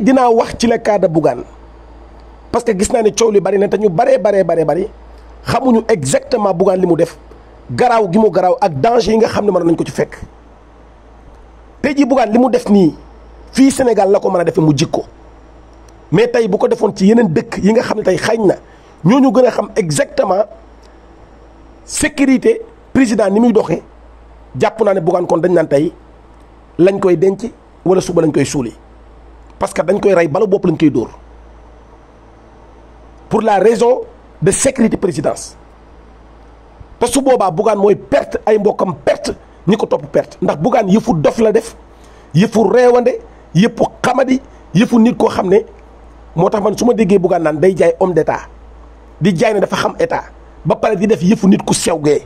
tey dinaa wax ci le cas de Bougane parce que gis naa ne coow li bari na te ñu baree baree baree bari xamuñu exactement Bougane li mu def garaaw gi mu garaaw ak danger yi nga xam ne mën nañ ko ci fekk tey ji buggaan li mu def nii fii Sénégal la ko mën a defee mu jikko mais tey bu ko defoon ci yeneen dëkk yi nga xam ne tey xañ na ñooñu gën a xam exactement sécurité président ni muy doxee jàpp naa ne Bougane kon dañ naan tey lañ koy denc wala suba lañ koy suuli parce que dañ koy ray bala bopp lañ koy dóor pour la raison de sécurité présidence te su boobaa Bougane mooy perte ay mbokkam perte ñi ko topp perte ndax Bougane yëfu dof la def yëfu reewande yëfu xamadi yëfu nit koo xam ne moo tax man su ma déggee buggaan naan day jaay homme d'état di jaay ne dafa xam état ba pare di def yëfu nit ku sew gee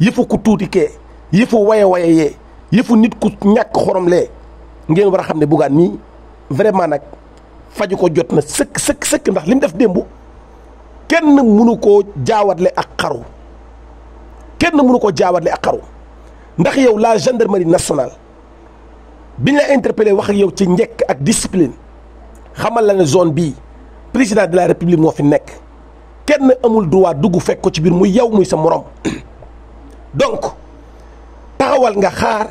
yëfu ku tuuti kee yëfu waye waye yee yëfu nit ku ñàkk xorom lee ngeen war a xam ne Bougane nii vraiment nag faju ko jot na sëkk sëkk sëkk ndax li mu def démbu kenn mënu koo jaawatle ak xaru kenn mënu koo jaawatle ak xaru ndax yow la gendarmerie nationale bi ñu la wax ak yow ci njekk ak discipline xamal la ne zone bii président de la république moo fi nekk kenn amul droit dugg fekk ko ci biir muy yow muy sa morom donc taxawal nga xaar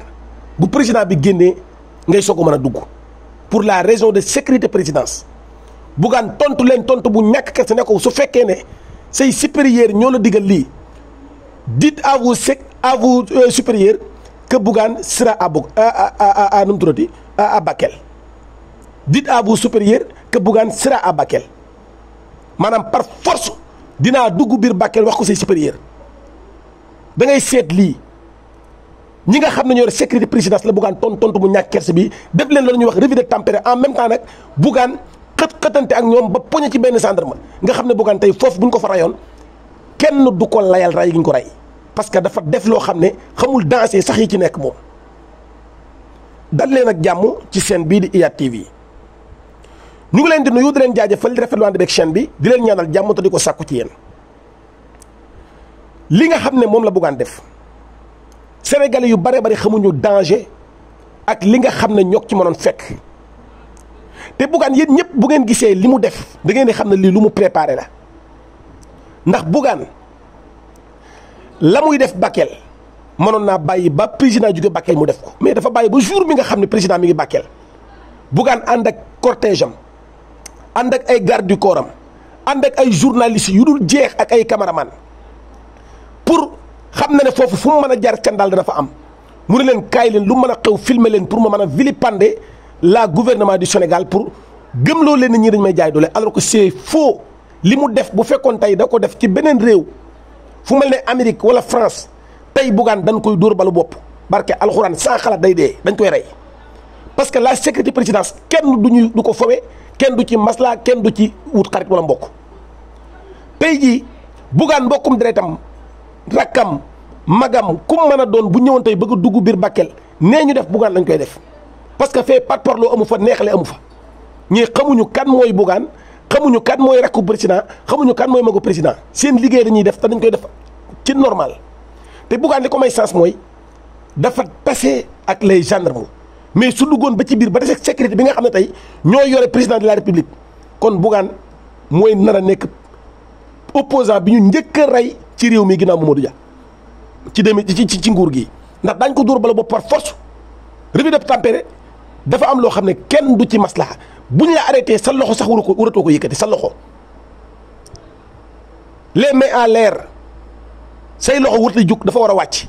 bu président bi génne ngay soo ko mën a dugg. pour la raison de sécurité présidence Bougane tontu leen tontu bu ñàkk kersa ne ko su fekkee ne say supérieur ñoo la digal lii dites à vos sec à vos euh, supérieurs que Bougane sera à Bog à à à nu mu tuddati à à Bakel maanaam par force dinaa dugg biir Bakel wax ko say supérieur da ngay seet lii. ñi nga xam ne ñoo sécurité présidence la Bougane tontu tontu mu ñàkk kerse bi def leen loolu ñuy wax revue de en même temps nag Bougane xët xëtante ak ñoom ba poñe ci benn gendarme nga xam ne Bougane tey foofu bu ñu ko fa rayoon kenn du ko layal ray gi ñu ko ray parce que dafa def loo xam ne xamul danse sax yi ci nekk moom dal leen ak jàmm ci chaîne bii di IYAT TV ñu ngi leen di nuyu di leen jaajëfal di rafetlu ànd beeg chaîne bi di leen ñaanal jàmm te di ko sàkku ci yéen li nga xam ne moom la Bougane def sénégalais yu bare bari xamuñu danger ak li nga xam ne ñoo ci mënoon fekk te Bougane yéen ñëpp bu ngeen gisee li mu def da ngeen di xam ne lii lu mu préparer la ndax Bougane la muy def Bakel mënoon naa bàyyi ba président jóge Bakel mu def ko mais dafa bàyyi ba jour mi nga xam ne président mi ngi Bakel Bougane ànd ak cortège am ànd ak ay garde du am ànd ak ay journalistes yu dul jeex ak ay caméraman pour xam na ne foofu fu mu mën a jar candaal dana fa am mu ne leen kaay leen lu mën a xew filme leen pour ma mën a vilipender la gouvernement du Sénégal pour gëmloo leen ni ñii dañ may jaay doole alors que c'est faux li mu def bu fekkoon tey da ko def ci beneen réew fu mel ne Amérique wala France tey Bougane dañ koy dóor balu bopp barke alxuraan sans xalaat day dee dañ koy rey parce que la sécurité présidence kenn du ñuy du ko fowe kenn du ci maslaa kenn du ci wut xarit wala mbokk tey jii mbokkum deretam rakkam magam ku mën a doon bu ñëwoon tey bëgg a dugg biir Bakel nee ñu def Bougane lañ koy def parce que fee pat parloo amu fa neexle amu fa ñii xamuñu kan mooy Bougane xamuñu kan mooy rakku président xamuñu kan mooy magu président seen liggéey dañuy def te dañ koy def ci normal te Bougane li ko may sens mooy dafa tase ak les gendarmes mais su duggoon ba ci biir ba des ak sécurité bi nga xam ne tey ñoo yore président de la république kon Bougane mooy nar a nekk opposant bi ñu njëkk rey ci réew mi ginnaaw Mamadou Dia ci demi ci ci nguur gi ndax daañ ko dóor bala bopp par force revue de tempéré dafa am loo xam ne kenn du ci maslaha bu ñu la arrêté sa loxo sax waru ko waratoo ko yëkkati sa loxo les mains en l'air say loxo warta jug dafa war a wàcc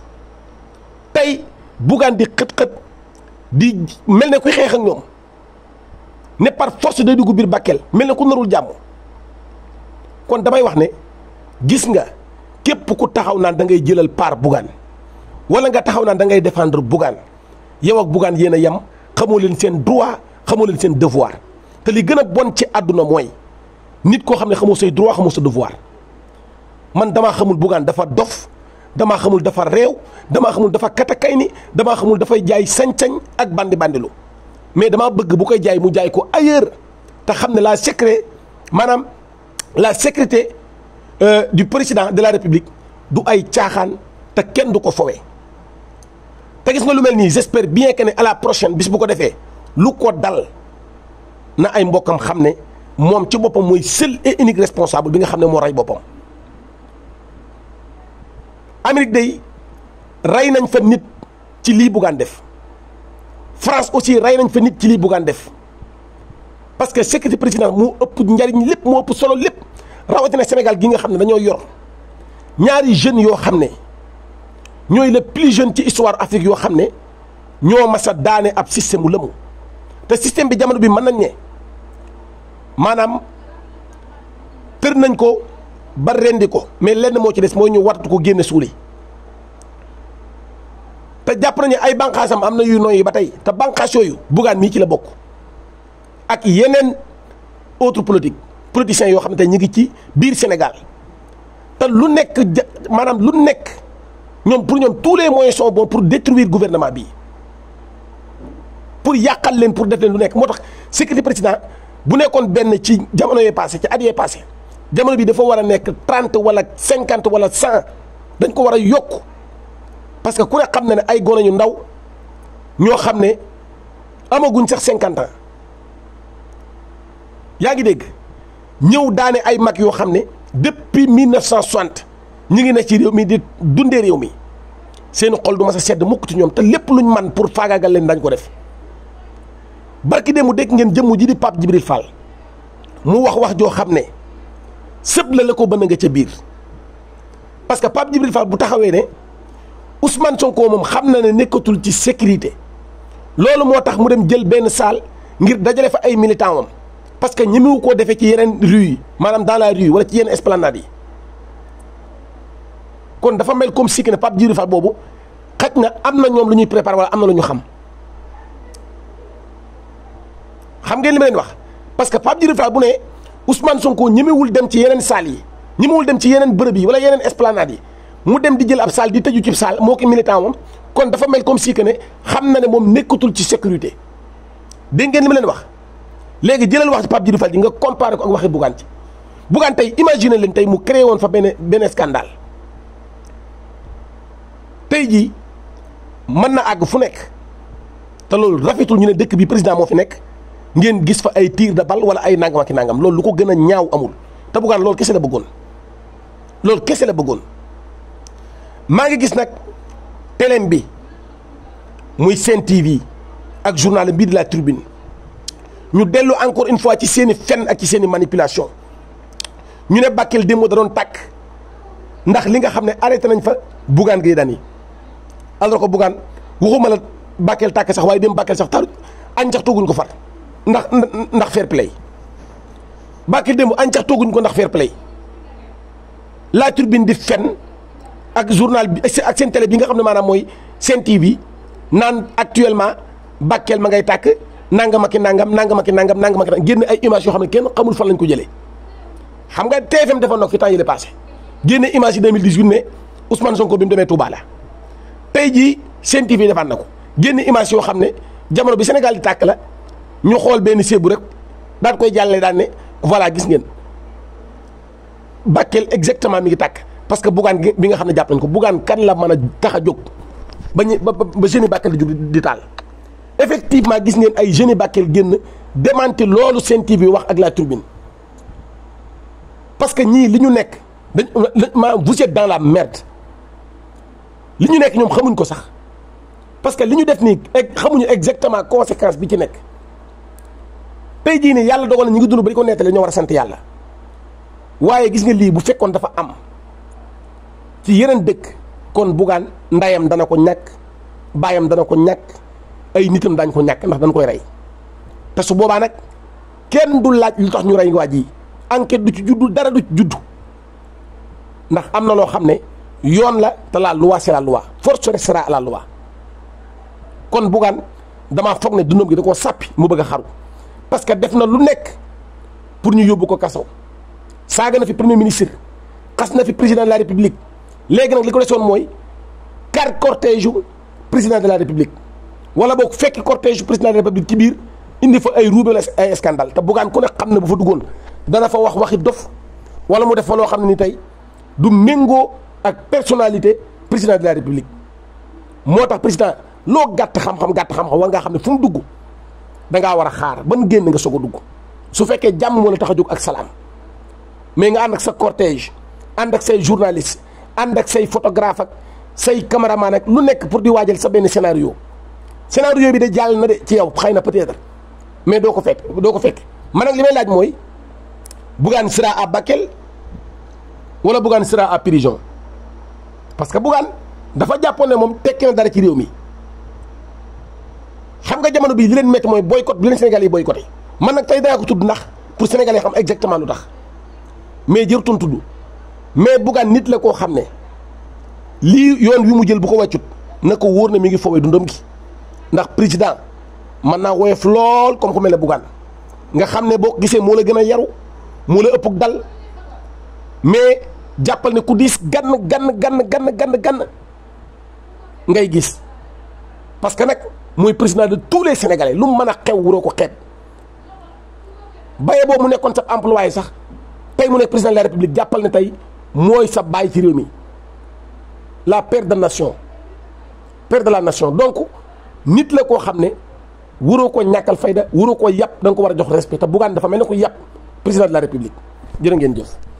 tey buggaan di xët-xët di mel ne kuy xeex ak ñoom ne par force day dugg biir Bakel mel ne ku narul jàmm kon damay wax ne gis nga képp ku taxaw naan da ngay jëlal par Bougane wala nga taxaw naan da ngay défendre Bougane yow ak Bougane yéen a yem xamoo leen seen droit xamoo leen seen devoir te li gën a bon ci àdduna mooy nit koo xam ne xamoo say droit xamoo sa devoir man damaa xamul Bougane dafa dof damaa xamul dafa réew damaa xamul dafa katakay ni damaa xamul dafay jaay sañ-sañ ak bandi bandilu mais damaa bëgg bu koy jaay mu jaay ko ailleurs te xam ne la secret maanaam la sécurité Euh, du président de la république du ay caaxaan te kenn du ko fowee te gis nga lu mel nii j'espère bien que ne à la prochaine bis bu ko defee lu ko dal na ay mbokkam xam ne moom ci boppam mooy seul et unique responsable bi nga xam ne moo rey boppam Amérique day rey nañ fa nit ci lii buggaan def France aussi rey nañ fa nit ci lii buggaan def parce que sécurité président moo ëpp njariñ lépp moo ëpp solo lépp rawatina Sénégal gi nga xam ne dañoo yor ñaari jeunes yoo xam ne ñooy le plus jeune ci histoire Afrique yoo xam ne ñoo mas daane ab système bu lëmu te système bi jamono bi mën nañ ne maanaam tër nañ ko ba rendi ko mais lenn moo ci des mooy ñu wartu ko génne suuli te jàpp nañu ay bànqaasam am na yu nooy ba tey te bànqaas yooyu buggaan mii ci la bokk ak yeneen autre politiciens yoo xam ne ñu ngi ci biir Sénégal te lu nekk maanaam lu nekk ñoom pour ñoom tous les moyens sont bons pour détruire gouvernement bi pour yàqal leen pour def leen lu nekk moo tax sécurité président bu nekkoon benn ci jamono yee passé ci at yee jamono bi dafa war a nekk trente wala cinquante wala cent dañ ko war a yokk parce que ku ne xam na ne ay gone ñu ndaw ñoo xam ne amaguñ sax cinquante yaa ngi dégg. ñëw daane ay mag yoo xam ne depuis 1960 ñu ngi ne ci réew mi di dundee réew mi seen xol du ma sa sedd mukk ci ñoom te lépp luñ man pour faagaagal leen dañ ko def barki de mu dégg ngeen jëmm ji di Pape Djibril Fall mu wax wax joo xam ne sëb la la ko nga ca biir parce que Pape Djibril Fall bu taxawee ne Ousmane Sonko moom xam na ne nekkatul ci sécurité loolu moo tax mu dem jël benn saal ngir dajale fa ay militant am parce que ñemewu koo defee ci yeneen rue yi maanaam dans la rue wala ci yeneen esplanade yi kon dafa mel comme si que ne Pape Djibril boobu xaj na am na ñoom lu ñuy préparé wala am na lu ñu xam xam ngeen li ma leen wax parce que Pape Djibril bu ne Ousmane Sonko ñemewul dem ci yeneen salle yi ñemewul dem ci yeneen bërëb yi wala yeneen esplanade yi mu dem di jël ab salle di tëju ci salle moo ko militant moom kon dafa mel comme si que ne xam na ne moom nekkatul ci sécurité dégg ngeen li ma leen wax. léegi jëlal wax ci Pape Djibril Fall ji nga comparé ko ak waxi Bougane ci Bougane tey imaginer leen tey mu créé woon fa benn benn scandale tey jii mën na àgg fu nekk te loolu rafetul ñu ne dëkk bi président moo fi nekk ngeen gis fa ay tir de bal wala ay nangam ak nangam loolu lu ko gën a ñaaw amul te Bougane lool kese la bëggoon loolu kese la bëggoon maa ngi gis nag télém bi muy Sen TV ak journal bii de la Tribune ñu dellu encore une fois ci seeni fen ak ci seeni manipulation ñu ne Bakel démb da doon tàkk ndax li nga xam ne arrêté nañ fa Bougane Gueye Dany alors que Bougane waxuma la Bakel tàkk sax waaye dem Bakel sax taru añ sax tooguñ ko far ndax ndax fair play Bakel démb añ sax tooguñ ko ndax fair play la turbine di fen ak journal bi ak seen télé bi nga xam ne maanaam mooy seen TV naan actuellement Bakel ma ngay tàkk nangam ak i nangam nangam ak i nangam nangam ak i génn ay image yoo xam ne kenn xamul fan lañ ko jëlee xam nga TFM dafa nokk fi temps yële passé génne image yi 2018 ne Ousmane Sonko bi mu demee Touba la tey jii Sen TV defaat na ko génn image yoo xam ne jamono bi Sénégal di tàkk la ñu xool benn sébu rek daal koy jàllale daan ne voilà gis ngeen Bakel exactement mi ngi tàkk parce que Bougane bi nga xam ne jàpp nañ ko Bougane kan la mën a tax a jóg ba ñu ba ba Bakel di jóg di taal. effectivement gis ngeen ay jeunes Bakel génn démenti loolu Sen TV wax ak la tribune parce que ñii li ñu nekk dañ maanaam vous set dans la merde li ñu nekk ñoom xamuñ ko sax parce que li ñu def nii xamuñu exactement conséquence bi ci nekk tey jii nii yàlla dogal na ñu ngi dund ba di ko nettali ñoo war a sant yàlla waaye gis nga lii bu fekkoon dafa am ci yeneen dëkk kon bugaan ndayam dana ko ñàkk baayam dana ko ñàkk. ay nitam daañ ko ñàkk ndax dañ koy rey te su boobaa nag kenn du laaj lu tax ñu rey waa ji enquête du ci juddu dara du ci juddu ndax am na loo xam ne yoon la te la loi c'est la loi force restera à la loi kon bugaan damaa foog ne dundam gi da koo sàppi mu bëgg a xaru parce que def na lu nekk pour ñu yóbbu ko kaso saaga na fi premier ministre xas na fi président de la république léegi nag li ko desoon mooy car cortège président de la république wala boog fekki cortège président de la république ci biir indi fa ay ruubel ay scandale te buggaan ku ne xam ne bu fa duggoon dana fa wax waxi dof wala mu def fa loo xam ne ni tey du méngoo ak personnalité président de la république moo tax président loo gàtt xam-xam gàtt xam-xam war ngaa xam ne fu dugg da ngaa war a xaar ban génn nga soog a dugg su fekkee jàmm moo la tax a jóg ak salaam mais nga ànd ak sa cortège ànd ak say journaliste ànd ak say photographe ak say caméraman ak nekk pour di waajal sa benn scénario scénario bi de jàll na de ci yow xëy na peut-être mais doo ko fekk doo ko fekk man nag li may laaj mooy buggaan sera à Bakel wala buggaan seraa à prison parce que Bougane dafa jàppoon ne moom tekki na dara ci réew mi xam nga jamono bii li leen métti mooy boycott bi leen Sénégal yi boycotté man nag tey danaa ko tudd ndax pour Sénégal yi xam exactement lu tax mais jërtoon tudd mais Bougane nit la koo xam ne lii yoon wi mu jël bu ko wàccut na ko wóor mi ngi foowee dundam gi ndax président mën naa woyof lool comme ku mel ne nga xam ne boo gisee moo la gën a yaru moo la ëpp dal mais jàppal ne ku diis gann gann gann gann gann gann ngay gis parce que nag mooy président de tous les sénégalais lu mu mën a xew wuroo ko xeet baye boobu mu nekkoon sa employé sax tey mu nekk président de la république jàppal ne tey mooy sa baay ci réew mi la per de nation père de la nation donc nit la koo xam ne waroo ko ñàkkal fayda waroo ko yàpp da nga ko war a jox respect te Bougane dafa mel ne ko yàpp président de la république jërë ngeen jëf.